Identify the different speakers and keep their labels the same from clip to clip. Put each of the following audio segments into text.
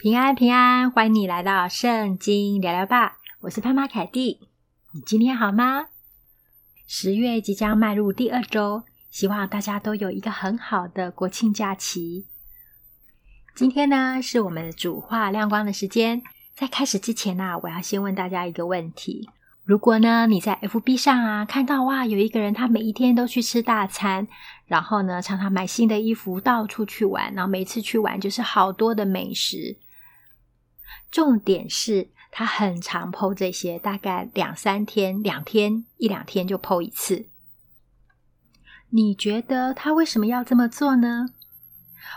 Speaker 1: 平安平安，歡迎你來到聖經聊聊吧。我是爸媽凱蒂，你今天好嗎？十月即將邁入第二周，希望大家都有一個很好的國慶假期。今天呢，是我們的主話亮光的時間。在開始之前呢、啊，我要先問大家一個問題：如果呢你在 FB 上啊看到哇，有一個人他每一天都去吃大餐，然後呢常常買新的衣服，到處去玩，然後每次去玩就是好多的美食。重點是他很常 po 這些，大概兩三天、兩天一兩天就 po 一次。你覺得他為什麼要這麼做呢？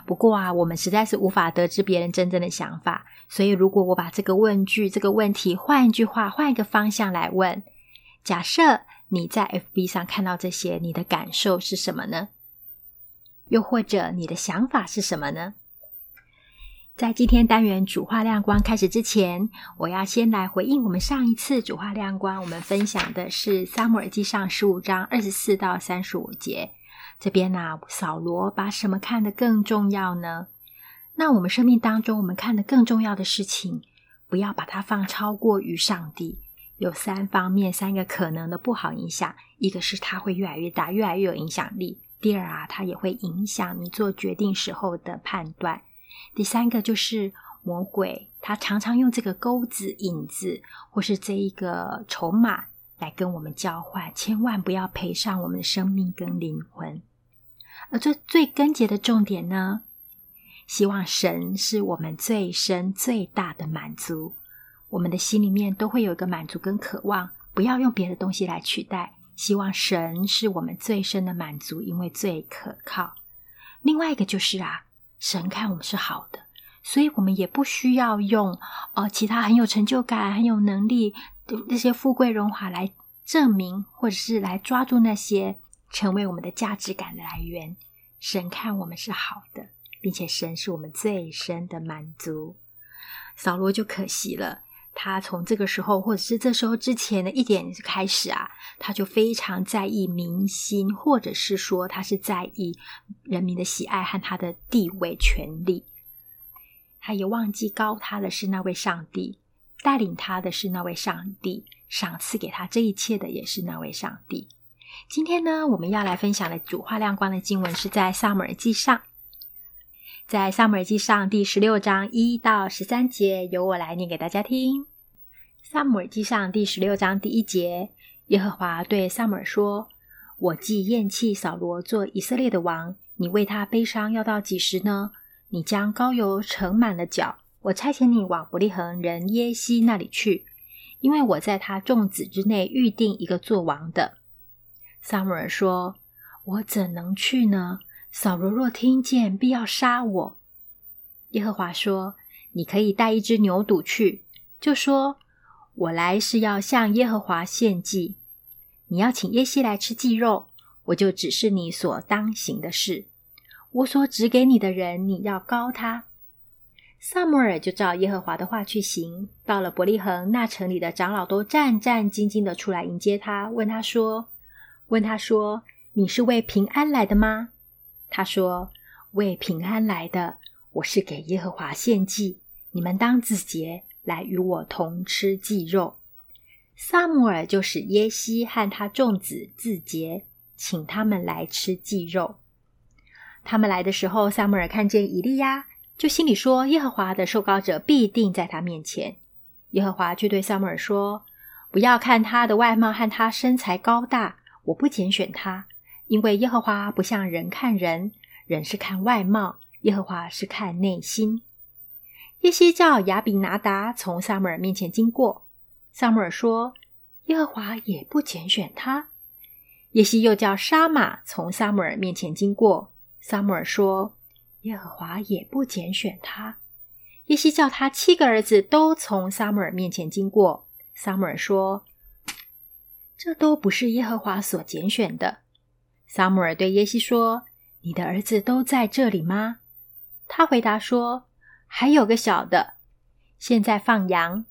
Speaker 1: 不過啊，我們實在是無法得知別人真正的想法，所以如果我把這個問句、這個問題換一句話、換一個方向來問：假設你在 FB 上看到這些，你的感受是什麼呢？又或者你的想法是什麼呢？在今天單元主話亮光開始之前，我要先來回應我們上一次主話亮光，我們分享的是《撒母耳記上》十五章二十四到三十五節。這邊呢、啊，掃羅把什麼看得更重要呢？那我們生命當中，我們看得更重要的事情，不要把它放超過於上帝。有三方面，三個可能的不好影響，一個是它會越來越大，越來越有影響力。第二啊，它也會影響你做決定時候的判斷。第三個就是魔鬼，他常常用這個鈎子、引子，或是這一個籌碼來跟我們交換，千萬不要賠上我們的生命跟靈魂。而這最根結的重點呢，希望神是我們最深最大的滿足。我們的心裡面都會有一個滿足跟渴望，不要用別的東西來取代。希望神是我們最深的滿足，因為最可靠。另外一個就是啊。神看我們是好的，所以我們也不需要用，呃，其他很有成就感、很有能力的那些富貴榮華來證明，或者是來抓住那些成為我們的價值感的來源。神看我們是好的，並且神是我們最深的滿足。掃羅就可惜了。他從這個時候，或者是這時候之前的一點開始啊，他就非常在意民心，或者是說他是在意人民的喜愛和他的地位、權力。他也忘記高他的是那位上帝，帶領他的是那位上帝，賞賜給他這一切的也是那位上帝。今天呢，我們要來分享的主話亮光的經文是在《撒母耳記》上。.在撒母耳記上第十六章一到十三節，由我來念給大家聽。撒母耳記上第十六章第一節，耶和華對撒母耳說：“我既厭棄掃羅做以色列的王，你為他悲傷要到幾時呢？你將膏油盛滿了腳，我差遣你往伯利恆人耶西那裡去，因為我在他眾子之內預定一個作王的。”撒母耳說：“我怎能去呢？”掃羅若聽見，必要殺我。耶和華說：“你可以帶一隻牛犢去，就說：‘我來是要向耶和華獻祭。’你要請耶西來吃祭肉，我就指示你所當行的事。我所指給你的人，你要膏他。”撒母耳就照耶和華的話去行。到了伯利恆，那城裡的長老都戰戰兢兢的出來迎接他，問他說：“問他說，你是為平安來的嗎？”他說：“為平安來的，我是給耶和華獻祭，你們當自潔，來與我同吃祭肉。”撒母耳就使耶西和他眾子自潔，請他們來吃祭肉。他們來的時候，撒母耳看見以利押，就心裡說：“耶和華的受膏者必定在他面前。”耶和華卻對撒母耳說：“不要看他的外貌和他身材高大，我不揀選他。”因為耶和華不像人看人，人是看外貌，耶和華是看內心。耶西叫亞比拿達從撒母耳面前經過，撒母耳說：“耶和華也不揀選他。”耶西又叫沙瑪從撒母耳面前經過，撒母耳說：“耶和華也不揀選他。”耶西叫他七個兒子都從撒母耳面前經過，撒母耳說：“這都不是耶和華所揀選的。”撒母耳對耶西說：“你的兒子都在這裡嗎？”他回答說：“還有個小的，現在放羊。”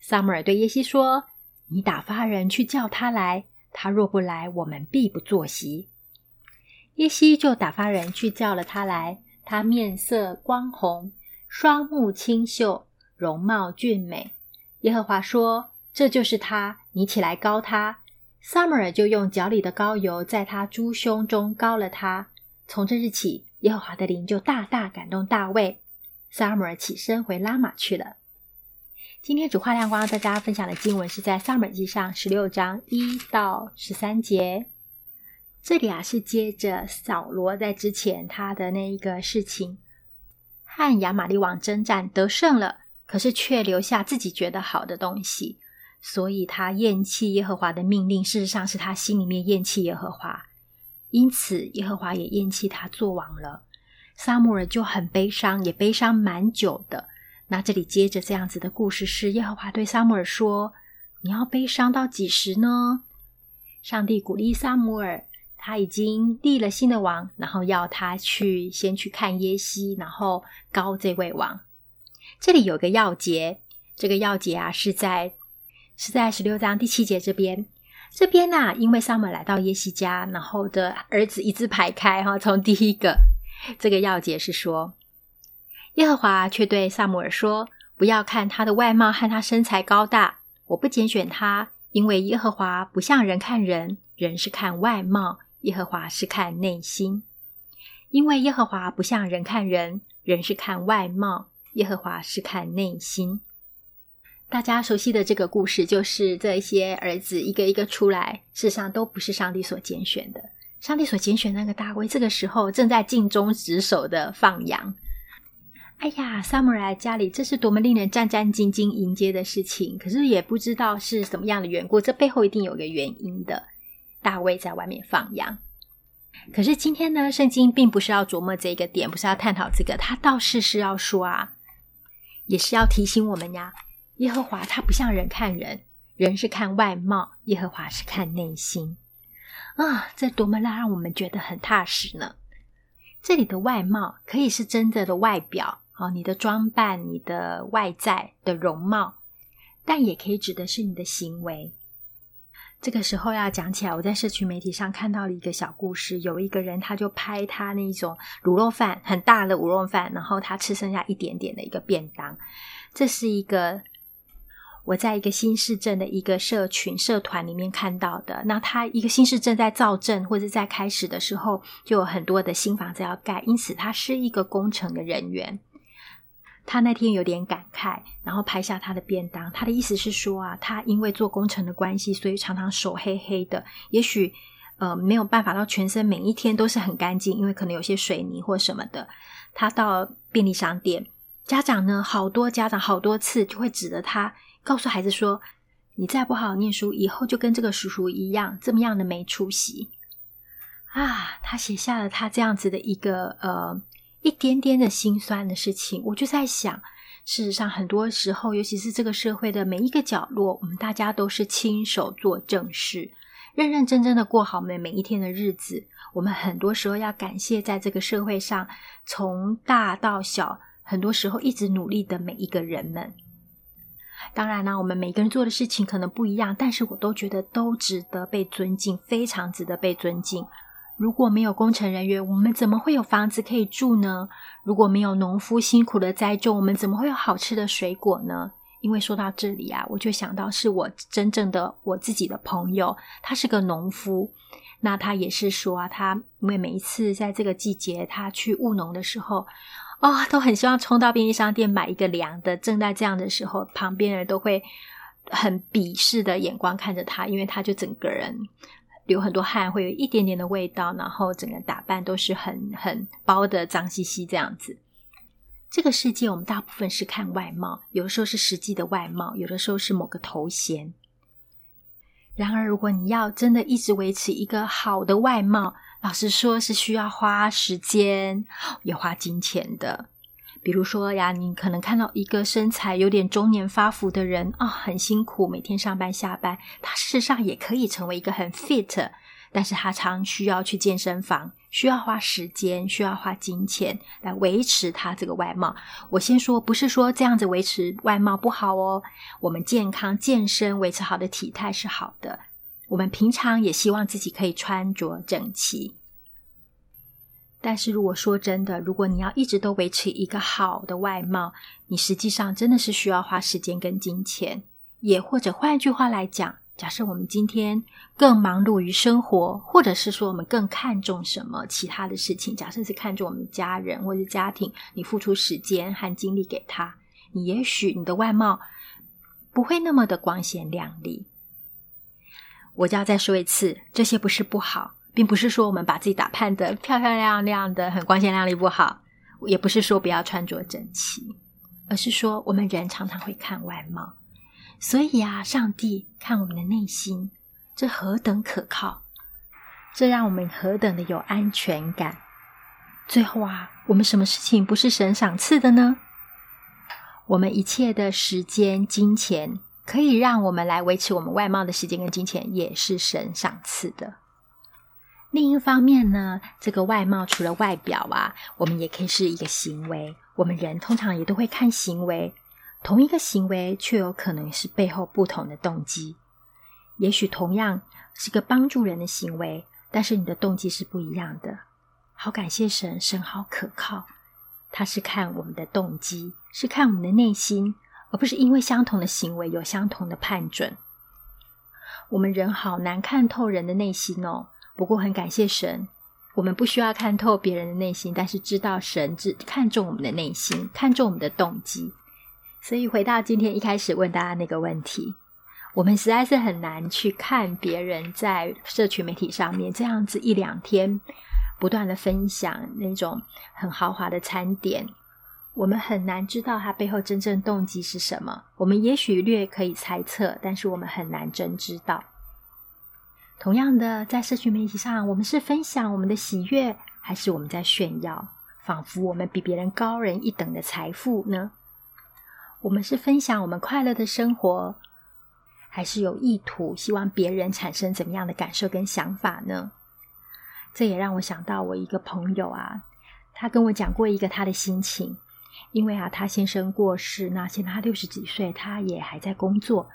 Speaker 1: 撒母耳對耶西說：“你打發人去叫他來，他若不來，我們必不坐席。”耶西就打發人去叫了他來。他面色光紅，雙目清秀，容貌俊美。耶和華說：“這就是他，你起來膏他。”撒母耳就用角裡的膏油，在他諸兄中膏了他。從這日起，耶和華的靈就大大感動大衛。撒母耳起身回拉瑪去了。今天主話亮光跟大家分享的經文是在撒母耳記上十六章一到十三節。這裡啊，是接着掃羅在之前他的那一個事情，和亞瑪力王征戰得勝了，可是卻留下自己覺得好的東西。所以他厭棄耶和華的命令，事實上是他心裡面厭棄耶和華，因此耶和華也厭棄他做王了。撒母耳就很悲傷，也悲傷蠻久的。那這裡接着這樣子的故事是，耶和華對撒母耳說：“你要悲傷到幾時呢？”上帝鼓勵撒母耳，他已經立了新的王，然後要他去先去看耶西，然後膏這位王。這裡有一個要節，這個要節啊是在。是在十六章第七節這邊，這邊呢、啊，因為撒母耳來到耶西家，然後的兒子一字排開哈，從第一個這個要解釋說，耶和華卻對撒母耳說：“不要看他的外貌和他身材高大，我不揀選他，因為耶和華不像人看人，人是看外貌，耶和華是看內心。因為耶和華不像人看人，人是看外貌，耶和華是看內心。”大家熟悉的這個故事，就是這些兒子一個一個出來，事實上都不是上帝所揀選的。上帝所揀選那個大衛，這個時候正在盡忠職守的放羊。哎呀，撒母耳來家裡，這是多麼令人戰戰兢兢迎接的事情！可是也不知道是怎麼樣的緣故，這背後一定有一個原因的。大衛在外面放羊，可是今天呢，聖經並不是要琢磨這個點，不是要探討這個，他倒是是要說啊，也是要提醒我們呀。耶和華他不像人看人，人是看外貌，耶和華是看內心。啊，這多麼讓讓我們覺得很踏實呢！這裡的外貌可以是真的的外表，哦，你的裝扮、你的外在的容貌，但也可以指的是你的行為。這個時候要講起來，我在社群媒體上看到了一個小故事，有一個人他就拍他那種滷肉飯，很大的滷肉飯，然後他吃剩下一點點的一個便當，這是一個。我在一個新市鎮的一個社群社團裡面看到的，那他一個新市鎮在造鎮或者在開始的時候，就有很多的新房子要蓋，因此他是一個工程的人員。他那天有點感慨，然後拍下他的便當。他的意思是說啊，他因為做工程的關係，所以常常手黑黑的。也許呃沒有辦法到全身每一天都是很乾淨，因為可能有些水泥或什麼的。他到便利商店，家長呢，好多家長好多次就會指着他。告訴孩子說：“你再不好好念書，以後就跟這個叔叔一樣，這麼樣的沒出息啊！”他寫下了他這樣子的一個呃一點點的辛酸的事情。我就在想，事實上，很多時候，尤其是這個社會的每一個角落，我們大家都是親手做正事，認認真真的過好每每一天的日子。我們很多時候要感謝，在這個社會上，從大到小，很多時候一直努力的每一個人們。當然呢、啊，我們每個人做的事情可能不一樣，但是我都覺得都值得被尊敬，非常值得被尊敬。如果沒有工程人員，我們怎麼會有房子可以住呢？如果沒有農夫辛苦的栽種，我們怎麼會有好吃的水果呢？因為說到這裡啊，我就想到是我真正的我自己的朋友，他是個農夫，那他也是說、啊、他，因為每一次在這個季節他去務農的時候。啊、哦，都很希望衝到便利商店買一個涼的。正在這樣的時候，旁邊人都會很鄙視的眼光看着他，因為他就整個人流很多汗，會有一點點的味道，然後整個打扮都是很很包的髒兮兮這樣子。這個世界，我們大部分是看外貌，有的時候是實際的外貌，有的時候是某個頭銜。然而，如果你要真的一直維持一個好的外貌，老實說，是需要花時間，也花金錢的。比如說呀，你可能看到一個身材有點中年發福的人啊、哦，很辛苦，每天上班下班，他事實上也可以成為一個很 fit，但是他常需要去健身房，需要花時間，需要花金錢來維持他這個外貌。我先說，不是說這樣子維持外貌不好哦，我們健康健身，維持好的體態是好的。我們平常也希望自己可以穿着整齊，但是如果說真的，如果你要一直都維持一個好的外貌，你實際上真的是需要花時間跟金錢。也或者換一句話來講，假設我們今天更忙碌於生活，或者是說我們更看重什麼其他的事情，假設是看重我們家人或者家庭，你付出時間和精力給他，你也許你的外貌不會那麼的光鮮亮麗。我就要再說一次，這些不是不好，並不是說我們把自己打扮的漂漂亮亮的，很光鮮亮麗不好，也不是說不要穿着整齊，而是說我們人常常會看外貌，所以啊，上帝看我們的內心，這何等可靠，這讓我們何等的有安全感。最後啊，我們什麼事情不是神賞賜的呢？我們一切的時間、金錢。可以讓我們來維持我們外貌的時間跟金錢，也是神賞賜的。另一方面呢，這個外貌除了外表啊，我們也可以是一個行為。我們人通常也都會看行為，同一個行為卻有可能是背後不同的動機。也許同樣是個幫助人的行為，但是你的動機是不一樣的。好，感謝神，神好可靠，他是看我們的動機，是看我們的內心。而不是因為相同的行為有相同的判準，我們人好難看透人的內心哦。不過很感謝神，我們不需要看透別人的內心，但是知道神只看重我們的內心，看重我們的動機。所以回到今天一開始問大家那個問題，我們實在是很難去看別人在社群媒體上面這樣子一兩天不斷的分享那種很豪華的餐點。我們很難知道他背後真正動機是什麼。我們也許略可以猜測，但是我們很難真知道。同樣的，在社群媒體上，我們是分享我們的喜悅，還是我們在炫耀，仿佛我們比別人高人一等的財富呢？我們是分享我們快樂的生活，還是有意圖希望別人產生怎麼樣的感受跟想法呢？這也讓我想到我一個朋友啊，他跟我講過一個他的心情。因為啊，他先生過世，那現在他六十幾歲，他也還在工作。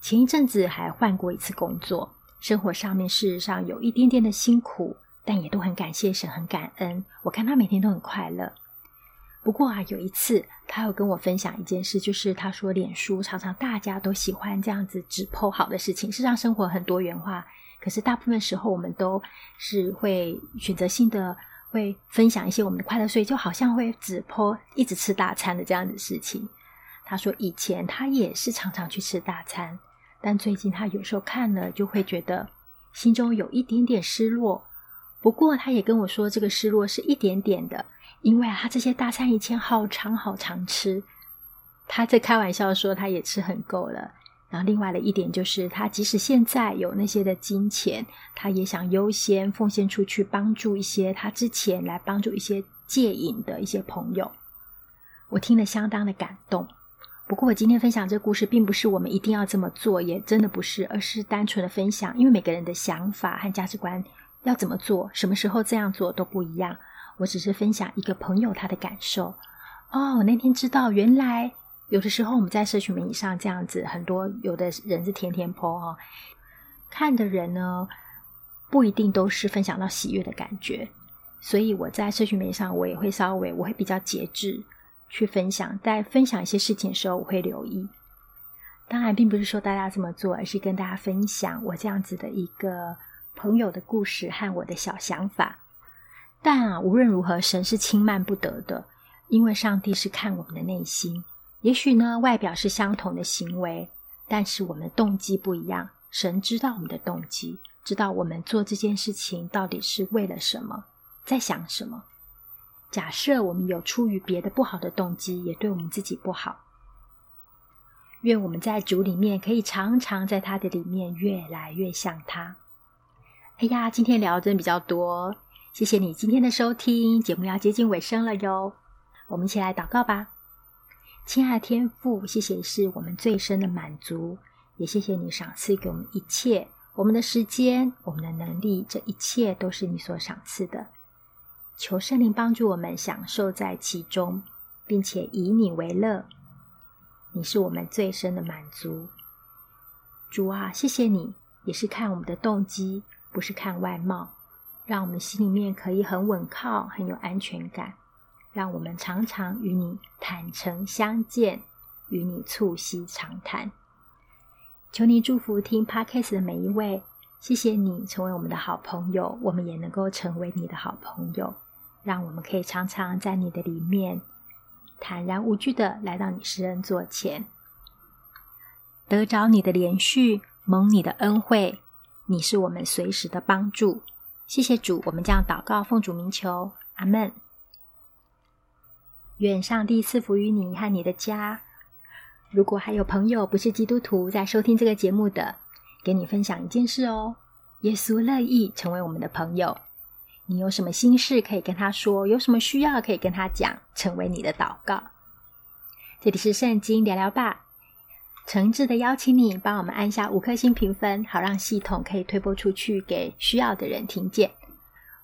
Speaker 1: 前一陣子還換過一次工作，生活上面事實上有一點點的辛苦，但也都很感謝神，很感恩。我看他每天都很快樂。不過啊，有一次他有跟我分享一件事，就是他說臉書常常大家都喜歡這樣子只 PO 好的事情，事實上生活很多元化，可是大部分時候我們都是會選擇性的。會分享一些我們的快樂，所以就好像會直播一直吃大餐的這樣子事情。他說以前他也是常常去吃大餐，但最近他有時候看了就會覺得心中有一點點失落。不過他也跟我說，這個失落是一點點的，因為啊，他這些大餐以前好常好常吃。他在開玩笑說，他也吃很夠了。然後，另外的一點就是，他即使現在有那些的金錢，他也想優先奉獻出去，幫助一些他之前來幫助一些戒癮的一些朋友。我聽了相當的感動。不過，我今天分享這故事，並不是我們一定要這麼做，也真的不是，而是單純的分享，因為每個人的想法和價值觀，要怎麼做，什麼時候這樣做都不一樣。我只是分享一個朋友他的感受。哦，我那天知道，原來。有的時候我們在社群媒體上這樣子，很多有的人是天天 po 哦，看的人呢，不一定都是分享到喜悅的感覺，所以我在社群媒體上，我也會稍微，我會比較節制去分享，在分享一些事情的時候我會留意。當然，並不是說大家這麼做，而是跟大家分享我這樣子的一個朋友的故事和我的小想法。但啊，無論如何，神是輕慢不得的，因為上帝是看我們的內心。也許呢，外表是相同的行為，但是我們的動機不一樣。神知道我們的動機，知道我們做這件事情到底是為了什麼，在想什麼。假設我們有出於別的不好的動機，也對我們自己不好。願我們在主裡面可以常常在他的裡面，越來越像他。哎呀，今天聊的真的比較多，謝謝你今天的收聽，節目要接近尾聲了喲。我們一起來禱告吧。親愛的天父，謝謝你是我們最深的滿足，也謝謝你賞賜給我們一切，我們的時間，我們的能力，這一切都是你所賞賜的。求聖靈幫助我們享受在其中，並且以你為樂。你是我們最深的滿足。主啊，謝謝你，也是看我們的動機，不是看外貌，讓我們心裡面可以很穩靠，很有安全感。讓我們常常與你坦誠相見，與你促膝長談。求你祝福聽 Podcast 的每一位，謝謝你成為我們的好朋友，我們也能夠成為你的好朋友。讓我們可以常常在你的裡面，坦然無懼的來到你施恩座前，得着你的憐恤，蒙你的恩惠。你是我們隨時的幫助。謝謝主，我們將禱告奉主名求，阿門。願上帝賜福於你和你的家。如果還有朋友不是基督徒在收聽這個節目的，給你分享一件事哦，耶穌樂意成為我們的朋友。你有什麼心事可以跟他說，有什麼需要可以跟他講，成為你的禱告。這裡是聖經聊聊吧，誠摯的邀請你幫我們按下五顆星評分，好讓系統可以推播出去給需要的人聽見。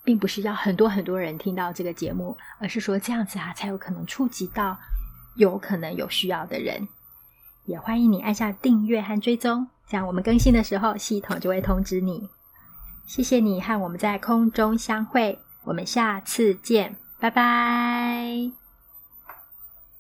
Speaker 1: 並不是要很多很多人聽到這個節目，而是說這樣子啊，才有可能觸及到有可能有需要的人。也歡迎你按下訂閱和追蹤，這樣我們更新的時候系統就會通知你。謝謝你和我們在空中相會，我們下次見，拜拜。